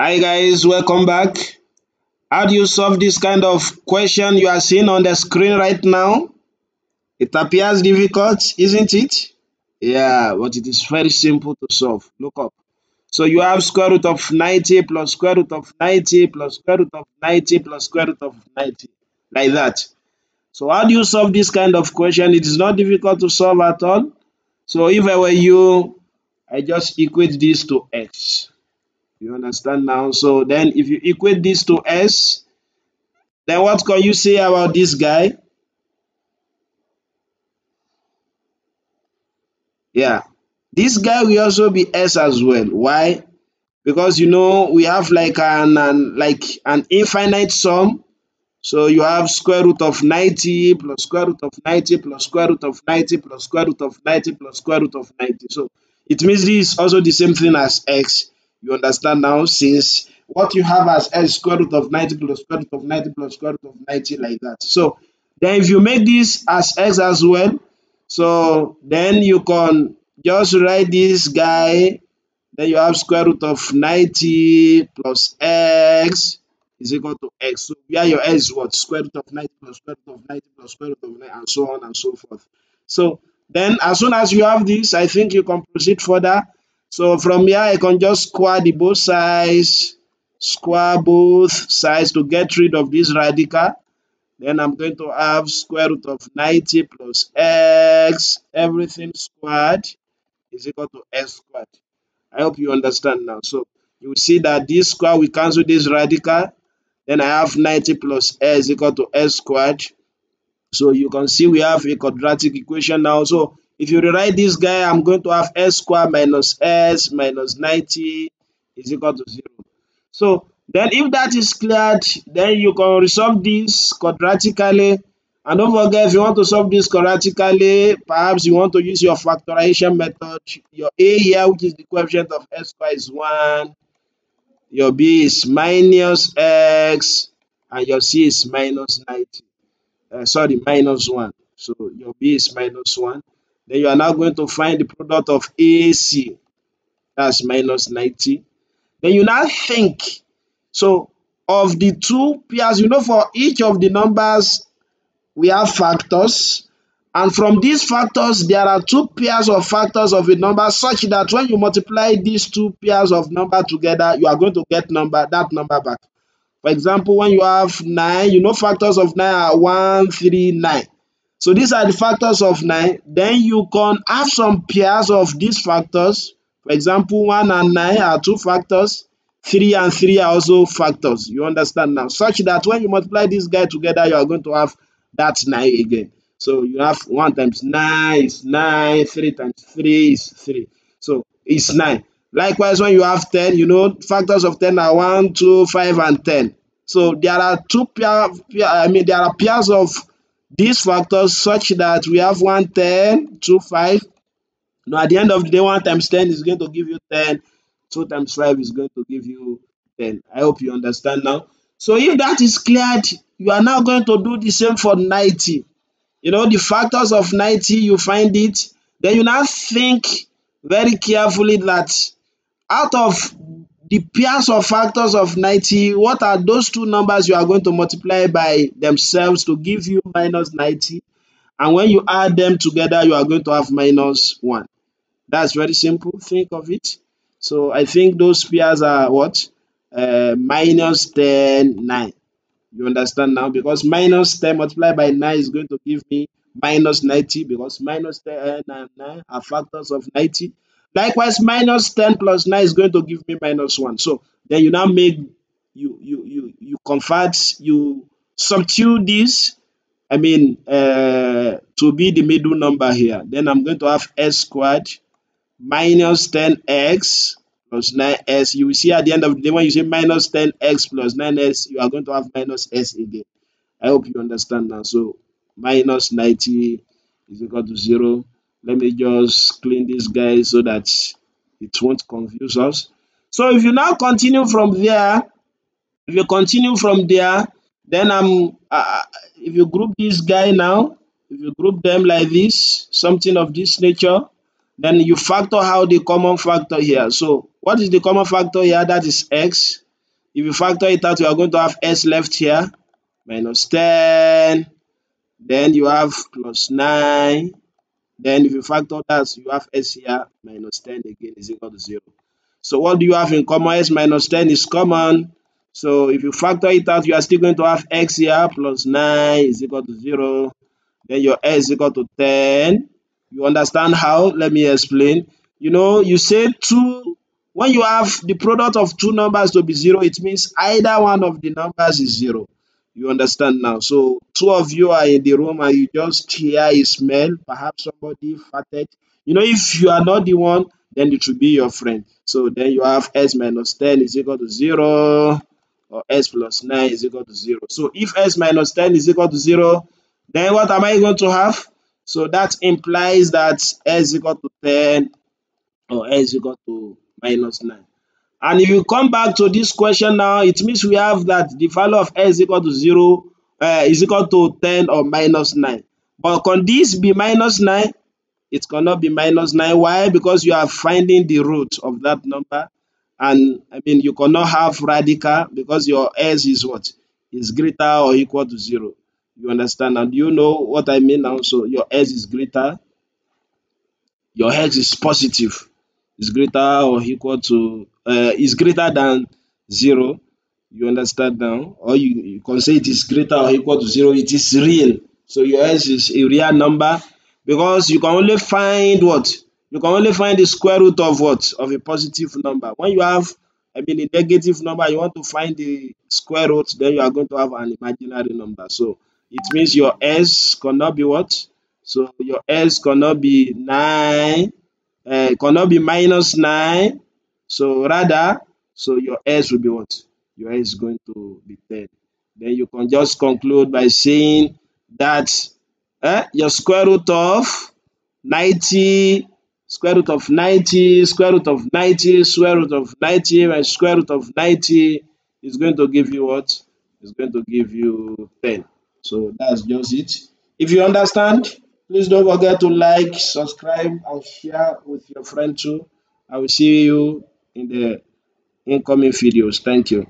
Hi guys, welcome back. How do you solve this kind of question you are seeing on the screen right now? It appears difficult, isn't it? Yeah, but it is very simple to solve. Look up. So you have square root of 90 plus square root of 90 plus square root of 90 plus square root of 90, like that. So how do you solve this kind of question? It is not difficult to solve at all. So if I were you, I just equate this to x. You understand now? So then if you equate this to S, then what can you say about this guy? Yeah, this guy will also be S as well. Why? Because you know we have like an, an like an infinite sum. So you have square root of 90 plus square root of 90 plus square root of 90 plus square root of 90 plus square root of 90. So it means this is also the same thing as x. You understand now? Since what you have as s square root of 90 plus square root of 90 plus square root of 90 like that. So then if you make this as x as well, so then you can just write this guy. Then you have square root of 90 plus x is equal to x. So where your x is what? Square root of 90 plus square root of 90 plus square root of 90 and so on and so forth. So then as soon as you have this, I think you can proceed further so from here, I can just square the both sides, square both sides to get rid of this radical. Then I'm going to have square root of 90 plus x, everything squared is equal to x squared. I hope you understand now. So you see that this square, we cancel this radical. Then I have 90 plus x equal to x squared. So you can see we have a quadratic equation now. So if you rewrite this guy, I'm going to have s square minus s minus 90 is equal to 0. So then if that is cleared, then you can resolve this quadratically. And don't forget, if you want to solve this quadratically, perhaps you want to use your factorization method. Your a here, which is the coefficient of s squared, is 1. Your b is minus x. And your c is minus 90. Uh, sorry, minus 1. So your b is minus 1. Then you are now going to find the product of AC. That's minus 90. Then you now think. So of the two pairs, you know for each of the numbers, we have factors. And from these factors, there are two pairs of factors of a number such that when you multiply these two pairs of number together, you are going to get number that number back. For example, when you have 9, you know factors of 9 are 1, 3, 9. So these are the factors of 9. Then you can have some pairs of these factors. For example, 1 and 9 are two factors. 3 and 3 are also factors. You understand now? Such that when you multiply this guy together, you are going to have that 9 again. So you have 1 times 9 is 9, 3 times 3 is 3. So it's 9. Likewise, when you have 10, you know, factors of 10 are 1, 2, 5, and 10. So there are two pair, I mean, there are pairs of these factors such that we have 1, 10, 2, 5. Now, at the end of the day, 1 times 10 is going to give you 10. 2 times 5 is going to give you 10. I hope you understand now. So if that is cleared, you are now going to do the same for 90. You know, the factors of 90, you find it. Then you now think very carefully that out of the pairs of factors of 90, what are those two numbers you are going to multiply by themselves to give you minus 90? And when you add them together, you are going to have minus 1. That's very simple. Think of it. So I think those pairs are what? Uh, minus 10, 9. You understand now? Because minus 10 multiplied by 9 is going to give me minus 90 because minus 10 and 9 are factors of 90. Likewise, minus 10 plus 9 is going to give me minus 1. So then you now make, you, you, you, you convert, you substitute this, I mean, uh, to be the middle number here. Then I'm going to have s squared minus 10x plus 9s. You will see at the end of the day, when you say minus 10x plus 9s, you are going to have minus s again. I hope you understand now. So minus 90 is equal to 0. Let me just clean this guy so that it won't confuse us. So if you now continue from there, if you continue from there, then I'm, uh, if you group this guy now, if you group them like this, something of this nature, then you factor out the common factor here. So what is the common factor here? That is x. If you factor it out, you are going to have s left here, minus 10. Then you have plus 9 then if you factor that, you have s here minus 10 again is equal to 0. So what do you have in common? s minus 10 is common. So if you factor it out, you are still going to have x here plus 9 is equal to 0. Then your s is equal to 10. You understand how? Let me explain. You know, you say 2. When you have the product of two numbers to be 0, it means either one of the numbers is 0. You understand now? So two of you are in the room and you just hear a smell, perhaps somebody farted. You know, if you are not the one, then it should be your friend. So then you have s minus 10 is equal to 0 or s plus 9 is equal to 0. So if s minus 10 is equal to 0, then what am I going to have? So that implies that s equal to 10 or s equal to minus 9. And if you come back to this question now, it means we have that the value of x is equal to 0, uh, is equal to 10 or minus 9. But can this be minus 9? It cannot be minus 9. Why? Because you are finding the root of that number. And I mean, you cannot have radical because your s is what? Is greater or equal to 0. You understand? And you know what I mean now. So your s is greater. Your x is positive. Is greater or equal to uh, is greater than zero, you understand now, or you, you can say it is greater or equal to zero, it is real. So your S is a real number because you can only find what? You can only find the square root of what? Of a positive number. When you have, I mean, a negative number, you want to find the square root, then you are going to have an imaginary number. So it means your S cannot be what? So your S cannot be 9, uh, cannot be minus 9, So rather, so your S will be what? Your S is going to be 10. Then you can just conclude by saying that eh, your square root of 90, square root of 90, square root of 90, square root of 90, and square root of 90 is going to give you what? It's going to give you 10. So that's just it. If you understand, please don't forget to like, subscribe, and share with your friend too. I will see you in the incoming videos. Thank you.